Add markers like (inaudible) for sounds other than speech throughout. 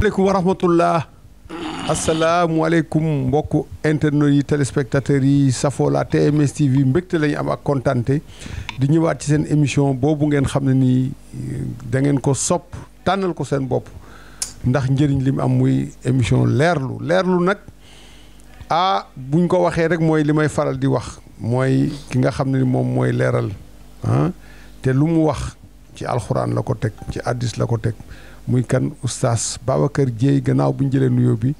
aleykum wa rahmatullah asalaamualeykum mbokk internet yi téléspectateurs yi safoo la TMS TV mbégte la am ak kontante di ñëwaat ci seen émission boobu ngeen xam ne nii da ngeen ko sopp tànnal ko seen bopp ndax njëriñ li am muy émission leerlu leerlu nag ah buñ ko waxee rek mooy li may faral di wax mooy ki nga xam ne ni moom mooy leeral ah te lu mu wax ci alxuraan la ko teg ci addis la ko teg muy kan oustaz kër Dieye gannaaw bu ñu jëlee nuyoo bi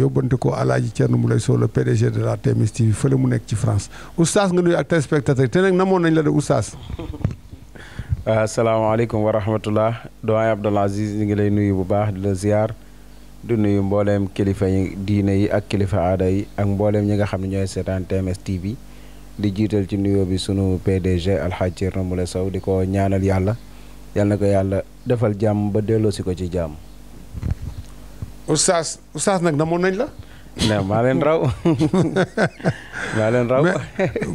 yóbbante ko alaaji Thierno Moulay Sow le PDG de la TMS TV fële mu nekk ci France oustaz nga nuyu ak téléspectateur te nag namoon nañ la de oustaz. (laughs) Ah, asalaamaaleykum wa rahmatullah doyen Abdoul Aziz ñu ngi lay nuyu bu baax di la ziar di nuyu mbooleem kilifa yi diine yi ak kilifa aada yi ak mbooleem ñi nga xam ne ñooy seetaan TMS TV di jiital ci nuyoo bi sunu PDG alxaaji mu la Sow di ko ñaanal yàlla. yàlla na ko yàlla defal jàmm ba delloosi ko ci jàmm. oustaz oustaz nag namoon nañ la. ne maa leen raw (laughs) maa leen raw.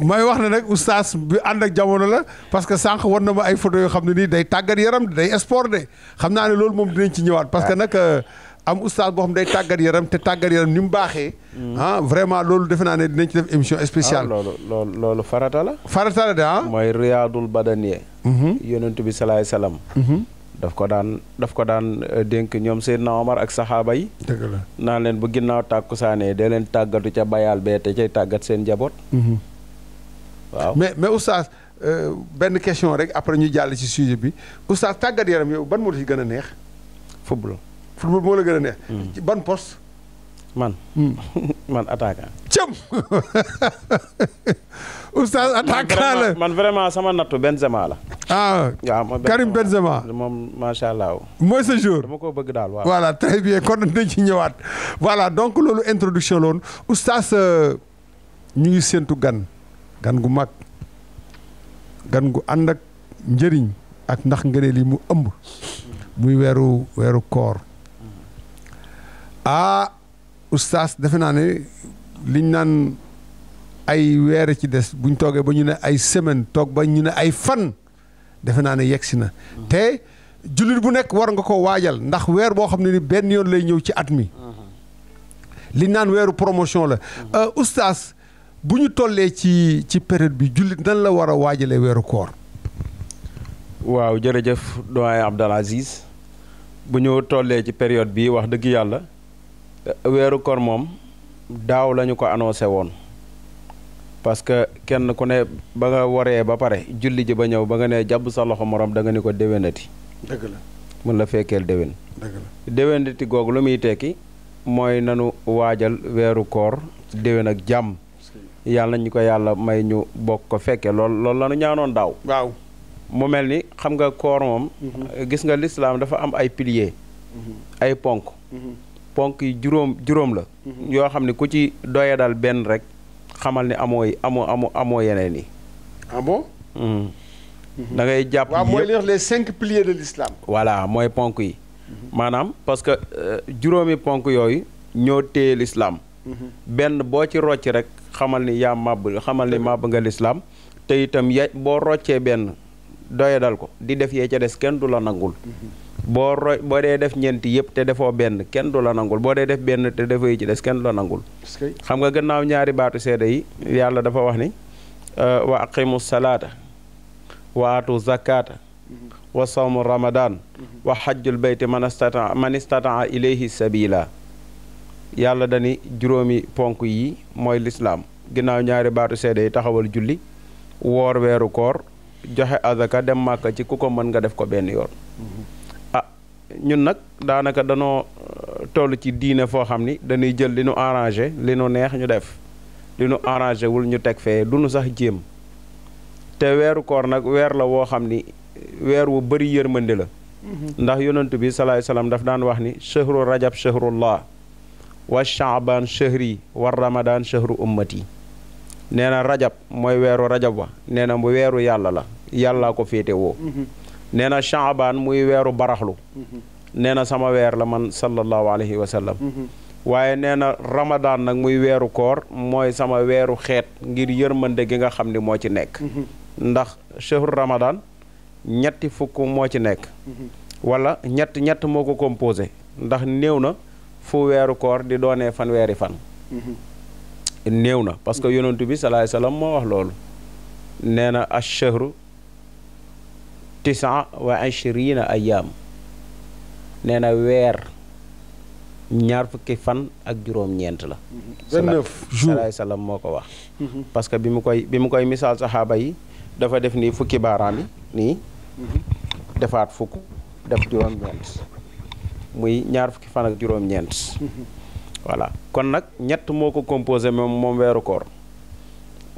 may wax ne nag oustaz bi ànd ak jamono la parce que sànq war na ma ay foto yoo xam ne nii day tàggat yaram day sport de xam naa ne loolu moom dinañ ci ñëwaat. parce que ah. nag euh, am oustaz boo xam day tàggat yaram te tàggat yaram ni mu baaxee. Mm. Ah, vraiment loolu defe naa ne dinañ ci def émission ah, spéciale. loolu loolu farata la. farata la de ah. mooy yonent bi salaay salaam. Mhm. daf ko daan daf ko daan euh, dénk ñoom seen Omar ak saxaaba yi. dëgg la leen bu ginnaaw tàkkusaanee dee leen tàggatu ca bayaal bee te cay tàggat seen njaboot. Mhm. waaw mais mais oustaz euh, benn question rek après ñu jàll ci sujet bi oustaz tàggat yaram yow ban moo ci gën a neex. football. football moo la gën a neex. Mm. ban poste. man. Mm. (laughs) man attaquant. cëm. (laughs) oustaz attaquant la man vraiment sama nattu Benzema la. ah Karim Benzema moom macha allah. mooy sa jour dama ko bëgg daal waaw. voilà très ci ñëwaat voilà donc loolu introduction loon oustaz euh, ñu ngi séentu gan gan gu mag gan gu ànd ak njëriñ ak ndax ngëneel yi mu ëmb. muy weeru weeru koor ah oustaz defe naa ne liñ naan. ay weer ci des buñ toogee ba ñu ne ay semaine toog ba ñu ne ay fan defe naa ne yegsi na te jullit bu nekk war nga ko waajal ndax weer boo xam ne ni benn yoon lay ñëw ci at mi li naan weeru promotion la euh, oustaz bu ñu tollee ci ci période bi jullit nan la war a waajalee weeru koor waaw jërëjëf doyen Abdal Aziz bu ñu tollee ci période bi wax dëgg yàlla euh, weeru koor moom daaw lañu ko annoncé woon parce que kenn ku ne ba nga woree ba pare julli ji ba ñëw ba nga ne jàbb sa loxo morom da nga ni ko déwénati mën la fekkeel déwén dëgg déwénati googu lu muy tekki mooy nanu waajal weeru koor déwén ak jàmm yàlla ñu ko yàlla may ñu bokk ko fekke lool loolu la ñaanoon daaw waaw mu mel ni xam nga koor moom mhm. gis nga lislaam dafa am ay pilier mhm. ay ponk mhm. ponk yi juróom juróom la yoo xam ne ku ci doya dal benn rek xamal ni amoo amoo amu amoo yeneen yi. ah hmm. mhm. jàpp waaw mooy les cinq piliers de l'islam. voilà mooy ponk yi. Mhm. maanaam parce que euh, juróomi ponk yooyu ñoo téye l'islam. Mhm. benn boo ci rocc rek xamal ni yaa màbb xamal ni màbb nga lislaam te itam ya boo roccee benn doye dal ko di def yee ca des kenn du la nangul. boo roy boo dee def ñeenti yëpp te defoo benn kenn du la nangul boo dee def benn te defoo yi ci des kenn du la nangul xam nga gannaaw ñaari baatu seede yi yàlla dafa wax ni euh, wa aqimu salaata wa atu zakata wa sawmu ramadan wa xajjul bayti man istata man istataa ilayhi sabila yàlla dani juróomi ponk yi mooy lislaam ginnaaw ñaari baatu seede yi taxawal julli woor weeru koor joxe azaka dem màkka ci ku ko mën nga def ko benn yoon mm-hmm. ñun nag daanaka danoo euh, toll ci diine foo xam ni dañuy jël li nu arrangé li nu neex ñu def li nu arrangé wul ñu teg fee dunu nu sax jéem te weeru koor nag weer la woo xam ni weer wu bëri yërmande la mhm. ndax yonent bi salaay salaam daf daan wax ni chahru rajab chahrullah wa chaabaan chahri wa ramadaan chahru ummati nee na rajab mooy weeru rajab wa nee na bu weeru yàlla la yàllaa ko féete woo mhm. nee na chaabaan muy weeru baraxlu mhm. nee na sama weer la man sallallahu alayhi wa mhm. waaye nee na ramadaan nag muy weeru koor mooy sama weeru xeet ngir yërmande gi nga xam ni moo ci nekk mhm. ndax chehru ramadaan ñetti fukk moo ci nekk wala ñett ñett moo ko composé ndax néew na fu weeru koor di doonee fan weeri fan néew na parce que yonentu bi salaay salaam moo wax loolu nee na achehru tisa wa ashrina ayaam nee na weer ñaar fukki fan ak juróom-ñeent la. 29 mm-hmm. jours salaay salaam moo ko wax. Mm-hmm. parce que bi mu koy bi mu koy misaal saxaaba yi dafa def nii fukki baaraam yi nii. Mm-hmm. defaat fukk def juróom-ñeent muy ñaar fukki fan ak juróom-ñeent. voilà kon nag ñett moo ko composé moom moom weeru koor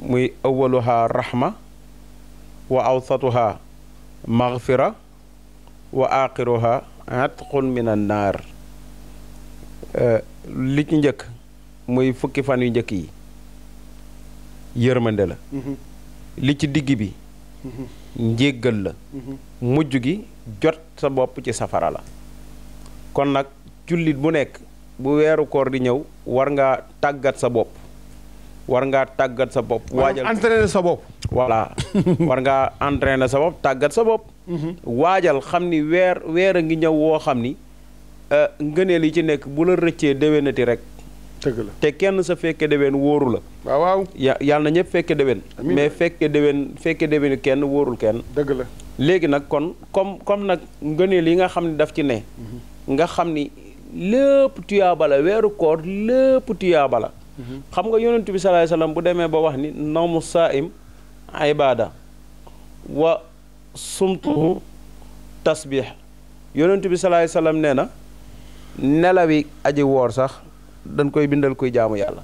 muy awwaluha rahma wa awsatuha maghfira wa axiruha atqun min an naar eh, li ci njëkk muy fukki fan yu njëkk yi yërmande la mhm. li ci digg bi mhm. njéggal la mhm. mujj gi jot sa bopp ci safara la kon nag jullit bu nekk bu weeru koor di ñëw war nga tàggat sa bopp war ngaa tàggat sa bopp. waajal entraîner sa bopp. voilà (laughs) war ngaa entraîner sa bopp tàggat sa bopp. Mhm. waajal xam ni weer weer a ngi ñëw woo xam ni euh, ngëneel yi ci nekk bu la rëccee déwénati rek. dëgg la te kenn sa fekke déwén wóoru la. waaw ya yàlla na ñëpp fekke déwén. mais fekke déwén fekke déwén kenn wóorul kenn. dëgg la léegi nag kon comme comme nag ngëneel yi nga xam ne daf ci ne. Mhm. nga xam ni lépp tuyaaba weeru koor lépp tuyaaba xam nga yonent bi salaay salaam bu demee ba wax ni nawmu saa'im ibaada wa sumtuhu tasbix yonent bi salaay salaam nee na nelawi aji woor sax dañ koy bindal kuy jaamu yàlla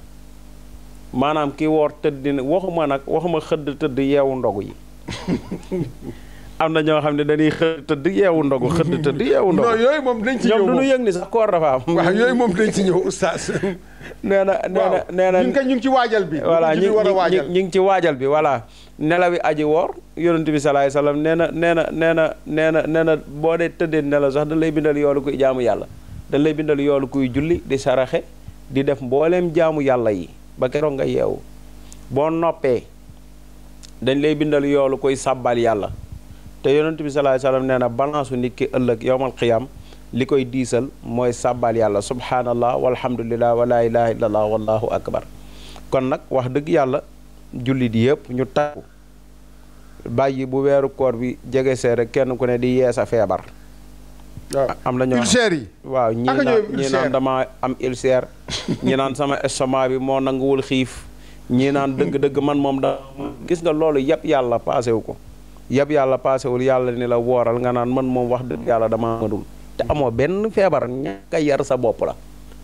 maanaam ki woor tëdd waxuma nag waxuma xëdd tëdd yeewu ndogu yi (laughs) am na ñoo xam ne dañuy xëdd tëdd yeewu ndogu xëdd tëdd yeewu ndogu. non yooyu moom dañ ci ñëw ñoom du ñu yëg sax koor dafa am. moom dañ ci ñëw oustaz. nee na nee na ci waajal bi. voilà ñu ngi ñu ngi ci waajal bi voilà. nelawi aji woor yonent bi salaay salaam nee na nee na nee na nee na nee na boo dee tëddee nelaw sax da lay bindal yoolu kuy jaamu yàlla. dañ lay bindal yoolu kuy julli di saraxe di def mbooleem jaamu yàlla yi ba keroog nga yeewu boo noppee dañ lay bindal yoolu koy sàbbal yàlla te yonent bi sallallahu alayhi wasallam nee na balance nit ki ëllëg yowmal qiyaam li koy diisal mooy sàbbaal yàlla subhaanallah walhamdulillah wa laa ilaha illallah wallahu akbar kon nag wax dëgg yàlla jullit yépp ñu takku bàyyi bu weeru koor bi jege see kenn ku ne di yeesa feebar waaw am na ñoo yi waaw ñi naan dama am ulcère ñi naan sama estomac bi moo nanguwul xiif ñi naan dëgg-dëgg man moom da gis nga loolu yëpp yàlla paase wu ko yab yàlla paasewul yàlla ni la wooral nga naan man moom wax dëgg yàlla dama mënul te amoo benn feebar ñàkk yar sa bopp la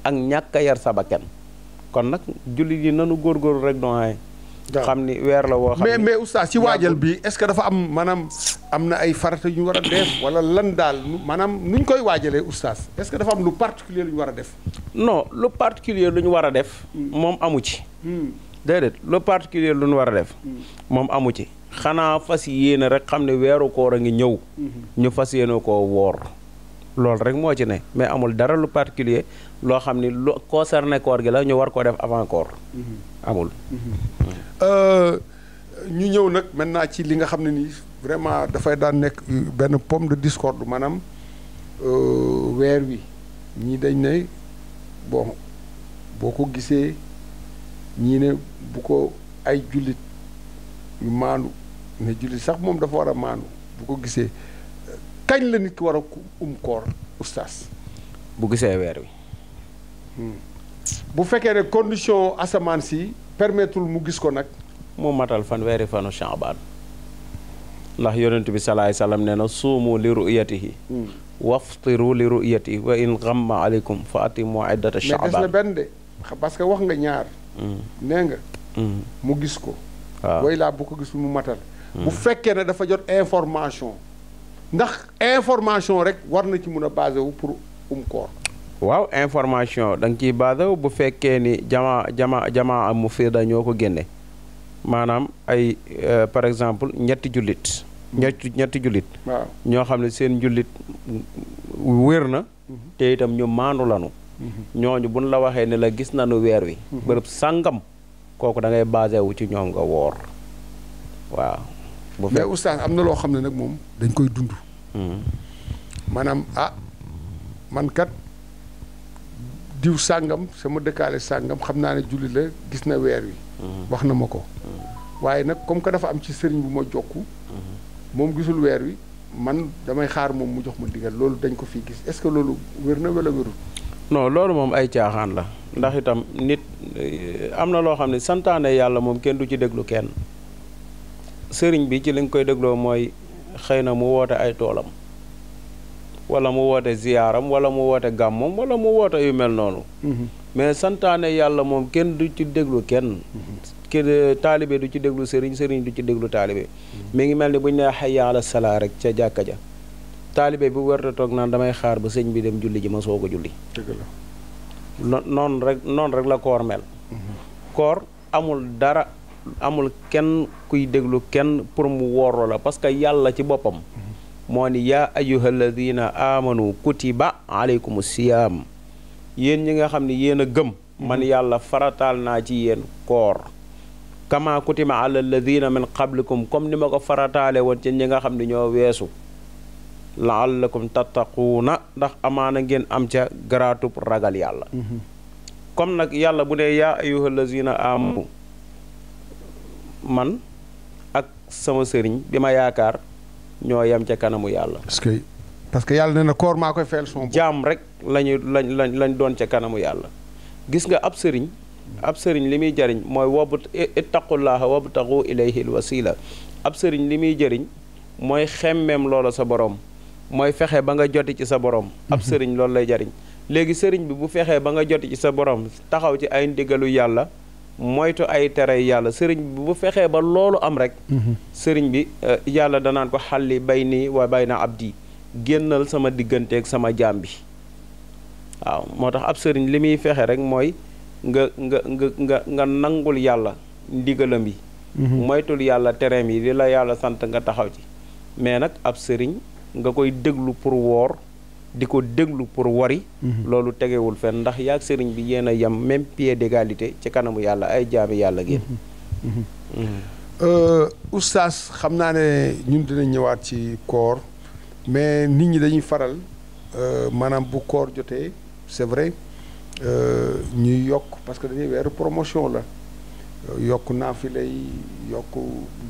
ak ñàkk a yar sa bakkan kon nag jullit yi nanu góor góorgóorlu rek doon xam ni weer la woo. xam mais mais oustaz ci waajal bi est-ce que dafa am maanaam am na ay farata ñu war def wala lan daal maanaam nuñ koy waajalee oustaz est-ce que dafa am lu particulier lu ñu war a def. no lu particulier lu ñu war a def. Hmm. moom amu ci. Hmm. déedéet lu particulier lu ñu war a def. Hmm. moom amu ci. xanaa fas yéene rek xam ne weeru koor a ngi ñëw mhm. ñu fas yéene ko woor loolu rek moo ci ne mais amul dara lu particulier loo xam ni lu concerné koor gi la ñu war koo def avant koor mhm. amul mhm. Euh, ñu ñëw nag maintenant ci li nga xam ne nii vraiment dafay daan nekk benn pomme de discorde maanaam euh, weer wi ñii dañ ne bon boo ko gisee ñii ne bu ko ay jullit yu maandu mais jullit sax moom dafa war a maanu bu ko gisee kañ la nit ki war a um koor oustaz. bu gisee weer wi. Hmm. bu fekkee ne condition asamaan si permettre mu gis ko nag. mu matal fan weeri fanu Sha'ban ndax yonent bi salaay salaam nee na suumu li ru'yatihi hmm. waftiru li ru'yatihi wa in ghamma aleykum fa atimu iddata Sha'ban mais des na benn de parce que wax nga ñaar. Hmm. nee nga. mu gis ko. waaw ah. way laa bu ko gis mu matal. bu fekkee ne dafa jot information ndax information rek war na ci mun a basé pour um koor waaw information da nga ciy basé bu fekkee ni jama jama jamaa mu fiida ñoo ko génne maanaam ay euh, par exemple ñetti jullit ñetti ñetti jullit ñoo xam ne seen jullit wér na te itam ñu maandu lanu ñooñu buñ la waxee ne la gis na nu weer wi bërëb sàngam kooku dangay ngay ci ñoom nga woor waaw mais oustaz am na loo xam ne nag moom dañ koy dund. Hmm. maanaam ah man kat diw sàngam sama dëkkaale sàngam xam naa ne julli la gis na weer wi. Hmm. wax na ma ko. Hmm. waaye nag comme que dafa am ci sëriñ bu ma jokku. moom gisul weer wi man damay xaar moom mu jox ma digal loolu dañ ko fii gis est-ce que loolu wér na wala wérul. non loolu moom ay caaxaan la ndax itam nit eh, am na loo xam ne santaane yàlla moom kenn du ci déglu kenn. sëriñ bi ci li nga koy dégloo mooy xëy na mu woote ay toolam wala mu woote ziyaaram wala mu woote gàmmam wala mu woote yu mel noonu mhm. mais santaane yàlla moom kenn du ci déglu kenn mhm. ki taalibe du ci déglu sëriñ sëriñ du ci déglu taalibe mhm. mi ngi mel ni bu ñu nee hayya ala salaa rek ca jàkka ja taalibe bu werte toog naan damay xaar ba sëñ bi dem julli ji ma soo ko julli noonu rek noonu rek la koor mel koor amul dara amul kenn kuy déglu kenn pour mu woorloo la parce que yàlla ci boppam moo ni yaa ayyuha alladina amanu kutiba aleykum siyaam yéen ñi nga xam ne yéen a gëm man mhm. yàlla farataal naa ci yéen koor kama kutiba ala alladina min qablikum comme ni ma ko farataale woon ci ñi nga xam ne ñoo weesu laallakum tattaquuna ndax amaana ngeen am ca garaatub ragal yàlla mhm. comme nag yàlla bu ne yaa ayyuha alladina amanu man ak sama sëriñ bi ma yaakaar ñoo yem ca kanamu yàlla. parce parce que yàlla nee na koor maa koy fayal son jaam rek lañu lañ lañ lañ doon ca kanamu yàlla gis nga ab sëriñ. ab sëriñ li muy jariñ mooy wobu ittaqullaaha wabtagu ilayhil wasila ab sëriñ li muy jëriñ mooy xemmeem loola sa borom mooy fexe ba nga joti ci sa borom. ab mhm. sëriñ loolu lay jariñ léegi sëriñ bi bu fexee ba nga joti ci sa borom taxaw ci ay ndigalu yàlla. moytu ay tere yàlla sëriñ bi bu fexee ba loolu am rek mhm. sëriñ bi euh, yàlla danaan ko xalli bay nii waa bay naa na di génnal sama diggante ak sama jaam bi waaw moo tax ab sëriñ li muy fexe rek mooy nga nga nga nga nga nangul yàlla ndigalam yi mhm. moytul yàlla tereem yi li la yàlla sant nga taxaw ci mais nag ab sëriñ nga koy déglu pour woor di ko déglu pour wari mhm. loolu tegewul fenn ndax yaag sëriñ bi yéen a yem même pied d'égalité ci kanamu yàlla ay jaami yàlla ngeen mhm. Mhm. Euh, oustaz xam naa ne ñun dinañ ñëwaat ci koor mais nit ñi dañuy faral euh, maanaam bu koor jotee c'est vrai euh, ñuy yokk parce que dañuy weeru promotion la yokk naa fi yi yokk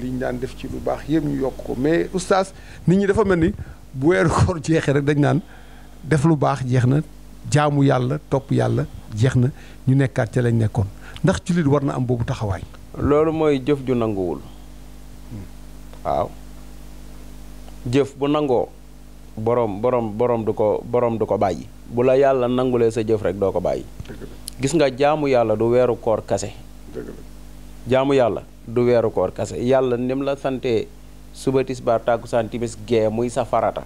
liñ daan def ci lu baax yëpp ñu yokk ko mais oustaz nit ñi dafa mel ni bu weeru koor jeexee rek dañ naan def lu baax jeex na jaamu yàlla topp yàlla jeex na ñu nekkaat ca lañ nekkoon ndax jullit war na am boobu taxawaay. loolu mooy jëf ju nanguwul waaw jëf bu nangoo borom borom borom du ko borom du ko bàyyi bu la yàlla nangulee sa jëf rek doo ko bàyyi. gis nga jaamu yàlla du weeru koor kase. jaamu yàlla du weeru koor kase yàlla ni la sante suba tisbaar tàkkusaan santimis gee muy sa farata.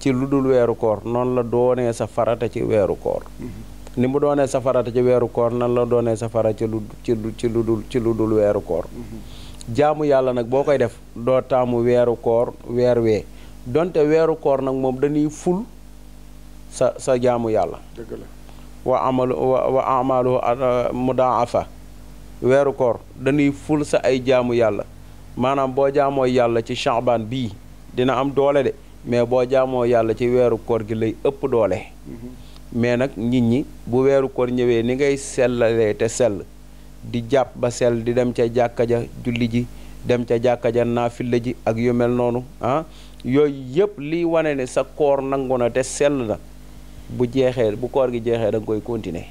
ci lu dul weeru koor noonu la doonee sa farata ci weeru koor mm-hmm. ni mu doonee sa farata ci weeru koor nan la doonee sa farata ci lu ci lu ci lu dul ci lu dul weeru koor mm-hmm. jaamu yàlla nag boo koy def doo taamu weeru koor weer wee donte weeru koor nag moom dañuy ful sa sa jaamu yàlla dëgg la wa uh, weeru koor dañuy ful sa ay jaamu yàlla maanaam boo jaamoo yàlla ci chaban bii dina am doole de mais boo jaamoo yàlla ci weeru koor gi lay ëpp doole mais nag nit ñi bu weeru koor ñëwee ni ngay sellalee te sell di jàpp ba sell di dem ca jàkka ja julli ji dem ca jàkka ja naafila ji ak yu mel noonu ah yooyu yëpp liy wane ne sa koor nangu na te sell na bu jeexee bu koor gi jeexee da koy continuer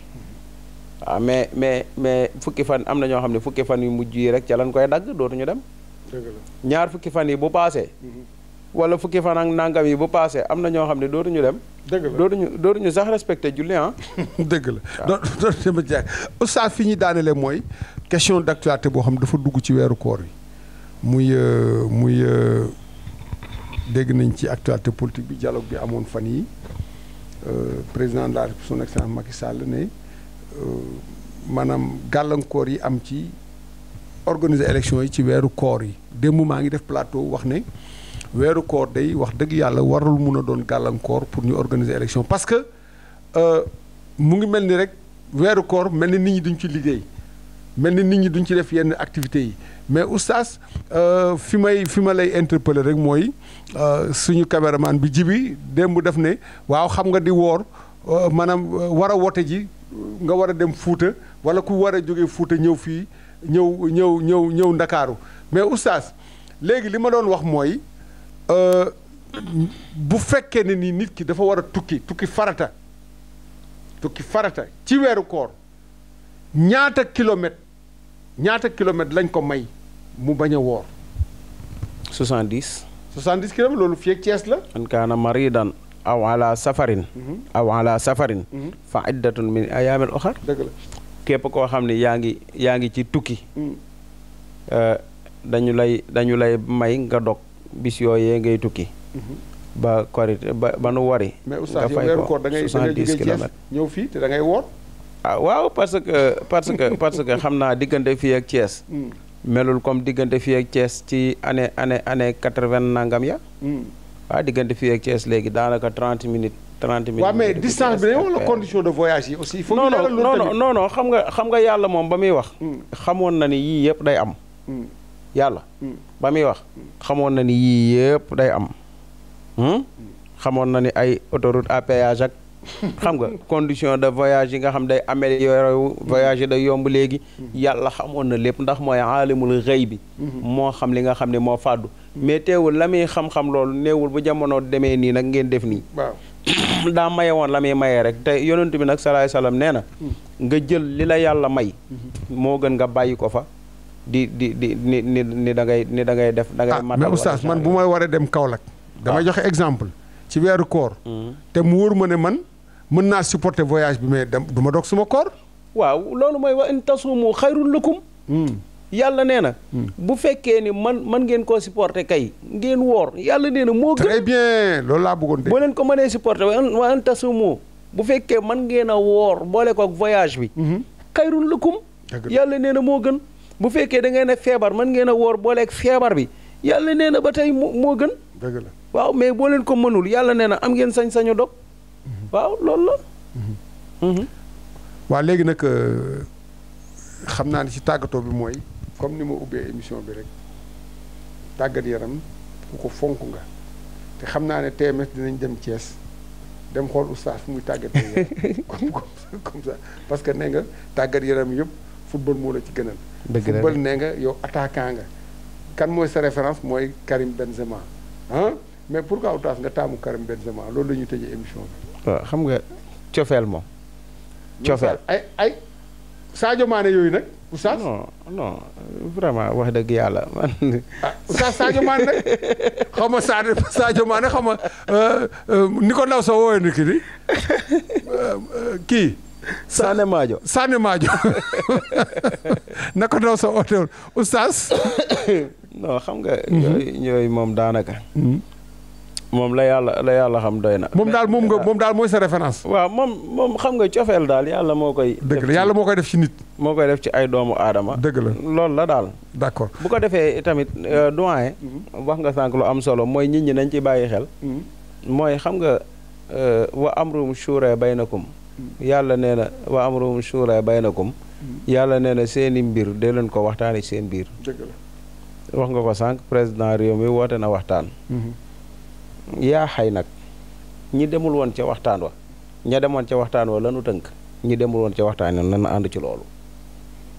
waaw ah, mais mais mais fukki fan am na ñoo xam ne fukki fan yu mujj yi rek ca lañ koy dagg dootuñu dem ñaar fukki fan yi bu paasee mm-hmm. wala fukki fan ak nangam yi bu paasee am na ñoo xam ne dootuñu dem. dëgg la dootuñu dootuñu sax respecté julli ah. (laughs) dëgg la doo dootuñu dem oustaz fi ñuy daanale mooy question d' actualité boo xam dafa dugg ci weeru koor yi muy euh, muy euh, dégg nañ ci actualité politique bi dialogue bi amoon fan yi euh, président de la République son excellence Macky Sall ne maanaam gàllankoor yi am ci organiser élection yi ci weeru koor yi démb maa ngi def plateau wax ne. weeru koor day wax dëgg yàlla warul mun a doon gàllankoor pour ñu organiser élection parce que euh, mu ngi mel ni rek weeru koor mel ni nit ñi duñu ci liggéey mel ni nit ñi duñ ci def yenn activités yi mais oustaz euh, fi may fi ma lay interpeller rek mooy euh, suñu caméraman bi jibi démb def ne waaw xam nga di woor maanaam war a wote ji nga war a dem Fuuta wala ku war a jógee Fuuta ñëw fii ñëw ñëw ñëw ñëw Ndakaaru mais oustaz léegi li ma doon wax mooy Euh, bu fekkee ne ni nit ki dafa war a tukki tukki farata tukki farata ci weeru koor ñaata kilomètre ñaata kilomètre lañ ko may mu bañ a woor. 70. 70 kilomètres loolu fii ak Thiès la. an kaana maridan aw ala safarin. Mhm. aw ala safarin. Mhm. fa iddatun min la képp koo xam ne yaa ngi yaa ngi ci tukki. Mm. Euh, dañu lay dañu lay may nga dog. bis yee ngay tukki. Mhm. ba korite ba ba nu wari. nga fay ko soixante-dix ñëw fii da ngay woor. ah waaw parce que parce que parce que xam naa diggante fii ak Thiès. Mm. melul comme diggante fii ak ci année année année quatre-vingt nangam ya. waaw mm. ah, diggante fii ak léegi daanaka trente minutes. trente minutes waaw mais distance bi ne wala de voyage yi aussi. foog ñu xam nga xam nga yàlla moom ba muy wax. Mm. xamoon na ni yii yëpp day am. yàlla hmm. ba muy wax xamoon na ni yii yëpp day am hmm? xamoon na ni ay autoroute à péage ak (laughs) xam nga condition de voyage yi nga xam day ame wu voyage day yomb léegi hmm. yàlla xamoon na lépp ndax mooy aalimul xëy bi moo xam li nga xam ne moo fàddu mais teewul la muy xam-xam loolu néewul bu jamono demee nii nag ngeen def nii waaw (coughs) daa maye woon la muy mayee rek te yonent mi nag salaay salaam nee na nga jël li la yàlla may moo gën nga bàyyi ko fa di di di ni ni ni da ngay ni da ngay def. da ngay ah, matal mais oustaz man bu may waree dem Kaolack. damay ah. joxe exemple ci weeru koor. Hmm. te mu wóor ma ne man mën naa supporter voyage bi mais dem du ma dog suma koor. waaw loolu mooy wa in tasuumu xayrun lakum hmm. yàlla nee na. Hmm. bu fekkee ni man man ngeen koo supporter kay ngeen woor yàlla nee na moo gën. bien loolu laa bëggoon de. boo leen ko mënee supporter wa in tasuumu bu fekkee man ngeen a woor boole ko ak voyage bi. xayrun lakum. yàlla nee na moo gën. bu fekkee da ngeen a feebar mën ngeen a woor booleeg feebar bi yàlla nee na ba tey moo gën. dëgg la waaw mais boo leen ko mënul yàlla nee na am ngeen sañ-sañu dog. Mhm. waaw loolu la. Mhm. Mhm. waaw léegi nag euh, xam naa ne si tàggatoo bi mooy comme ni ma ubbee émission bi rek tàggat yaram ku ko fonk nga te xam naa ne TMS dinañ dem cees dem xool oustaz muy tàggat yaram (laughs) comme parce que nee nga tàggat yaram yëpp. football moo la ci gënal. football nee nga yow attaquant nga. kan mooy sa référence mooy Karim Benzema ah mais pourquoi oustaz nga taamu Karim Benzema loolu la ñuy tëjee émission bi. xam nga cofeel moom. cofeel ay ay Sadio Mané yooyu nag. oustaz non non vraiment wax dëgg yàlla man. ah oustaz Sadio Mané nag (laughs) xaw ma Sadio Sadio Mané xaw ma euh, euh, ni ko ndaw soo woowee ni kii di kii. Sané Maajo Sané Maajo (laughs) naka doo sa oto oustaz. (coughs) non xam nga. yooyu mhm. moom daanaka. Mhm. moom la yàlla la yàlla xam doy na. moom daal moom nga moom daal mooy sa référence. waaw moom moom xam nga cofeel daal yàlla moo koy. dëgg la yàlla moo koy def ci nit. moo koy def ci ay doomu aadama. dégg la loolu la daal. daccord bu ko defee tamit euh, doyen. Mhm. wax nga sànq lu am solo mooy nit ñi nañ ci bàyyi xel. mooy xam nga euh, wa amrum shura baynakum yàlla nee na wa amruhum shura baynakum na mm-hmm. nee na seen seeni mbir de leen ko waxtaani seen biir wax nga ko sànq président réew mi woote na waxtaan mm-hmm. yaa xay nag ñi demul woon ca waxtaan wa ña demoon ca waxtaan wa lanu tënk ñi demul woon ca waxtaan wa lanu ànd ci loolu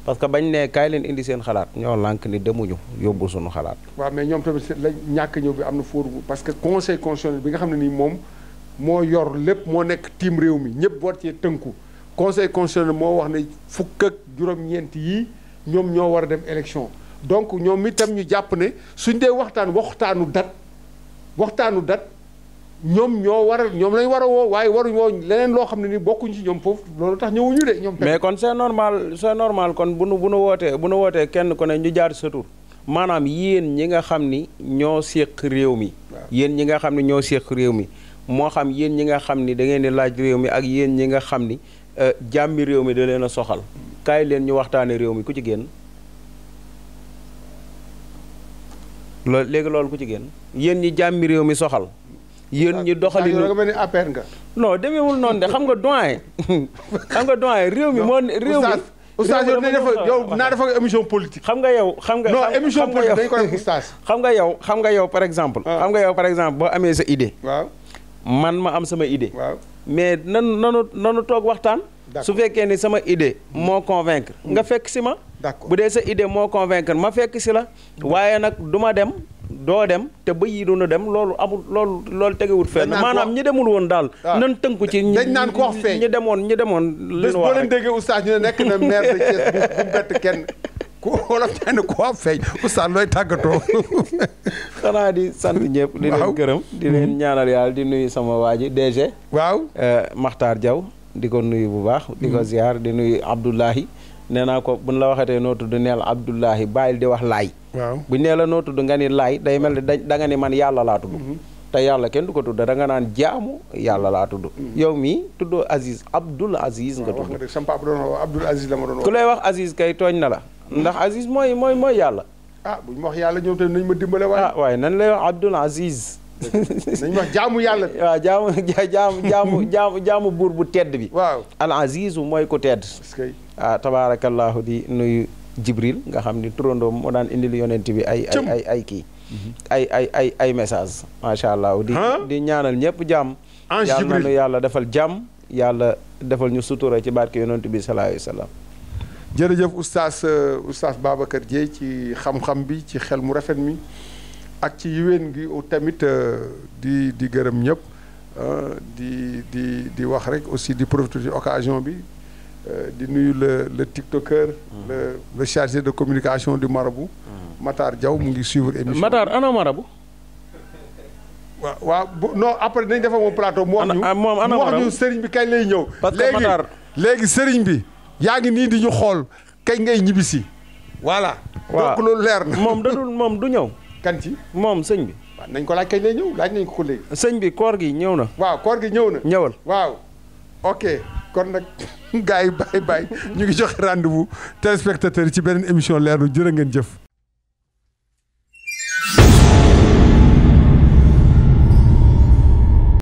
parce que bañ ne kaay leen indi seen xalaat ñoo lànk ni demuñu yóbbu suñu xalaat waaw mais ñoom tamit ñàkk ñëw bi am na fóoru parce que conseil bi nga xam ne nii moom moo yor lépp moo nekk tiim réew mi ñëpp war cee tënku conseil constitutionnel moo wax ne fukk ak juróom-ñeent yi ñoom ñoo war a dem élection donc ñoom itam ñu jàpp ne suñ dee waxtaan waxtaanu dat waxtaanu dat ñoom ñoo war ñoom lañ war a woo waaye waruñ woo leneen loo xam ne ni bokkuñ ci ñoom foofu loolu tax ñëwuñu de ñoom mais kon c'est normal c'est normal kon bu nu bu nu wootee bu nu wootee kenn ku ne ñu jaar sa tur maanaam yéen ñi nga xam ni ñoo séq réew mi yéen ñi nga xam ni ñoo séq réew mi moo xam yéen ñi nga xam ni da ngeen di laaj réew mi ak yéen ñi nga xam ni euh, jàmmi réew mi da leen a soxal kaay leen ñu waxtaane réew mi ku ci génn loolu léegi loolu ku ci génn yéen ñi jàmmi réew mi soxal yéen ñi doxali nga mel ni APR nga non demeewul noonu de xam nga doyen (laughs) xam nga doyen réew mi moo réew mi oustaz yow dinañ def yow naa def ak émission politique. xam nga yow xam nga. non émission politique ko def oustaz. (laughs) xam nga yow xam nga yow par exemple. Ah. xam nga yow par exemple boo amee sa idée. waaw man ma am sama idée. waaw mais nan nanu nanu toog waxtaan. su fekkee ni sama idée moo convaincre. nga mm. fekk si ma. bu dee sa idée moo convaincre ma fekk si la. Mm. waaye nag du ma dem. doo dem te ba yii doon a dem loolu amul loolu loolu tegewut fenn maanaam ñi demul woon daal ah. nan tënku ci dañ naan ko wax ñi demoon ñi demoon bés boo leen déggee oustaz ñu ne nekk na maire de Thiès bu bett kenn na ko wax feeñ oustaz looy tàggatoo (laughs) xanaa di sant ñëpp di gërëm di mm-hmm. ñaanal yàlla di nuyu sama waa ji DG waaw eh, Makhtar Diaw di ko nuyu bu baax di ko mm-hmm. ziar di nuyu Abdoulahi nee naa ko buñ la waxatee noo tudd neel Abdullahi bàyyil di wax laay waaw buñ nee la noo tudd nga ni laay day mel ni da nga ni man yàlla laa tudd mm-hmm. te yàlla kenn du ko tudd da nga naan jaamu yàlla laa tudd mm-hmm. yow mii tuddoo Aziz Abdul Aziz nga tudd samp Abdul Aziz la ma doon ku lay wax Aziz kay tooñ na la mm-hmm. ndax Aziz mooy mooy mooy yàlla ah bu ñu wax yàlla ñoom tamit nañ ma dimbale waaye ah waaye nan lay wax Abdul Aziz nañ wax jaamu yàlla (laughs) waaw (laughs) jaamu jaamu jaamu jaamu buur bu tedd bi waaw al Aziz mooy ku tedd Ah, tabaarakallaahu di nuyu Jibril nga xam ni turandoom moo daan indil yonent bi ay ay ay kii ay ay ay ay message macha allah di di ñaanal ñëpp jàmm yàlla na yàlla defal jàmm yàlla defal ñu sutura ci barke yonent bi sallallahu alayhi wa sallam jërëjëf oustaz euh, oustaz Babacar Dieye ci xam-xam bi ci xel mu rafet mi ak ci yiween gi tamit euh, di di gërëm ñëpp euh, di di di wax rek aussi di profiter ci occasion bi Euh, di nuyu le le tiktoker. Hmm. le de communication du marabout. Hmm. Matar Diaw mu ngi suivre émission Matar ana marabout. waaw waaw non après nañ defa moom plateau. mu wax ñu ah, mu wax ñu sëriñ bi kañ lay ñëw. parce que léegi sëriñ bi yaa ngi nii di ñu xool kañ ngay ñibbisi. voilà donc loolu leer moom da moom du ñëw. kan ci moom sëñ bi. waaw nañ ko laaj kañ ñëw laaj nañ ko ko sëñ bi koor gi ñëw na. waaw koor gi ñëw na. ñëwal waaw ok. kon nag (laughs) gars yi bàyyi bàyyi ñu ngi joxe rendez-vous téléspectateurs yi ci beneen émission lu jërë ngeen jëf.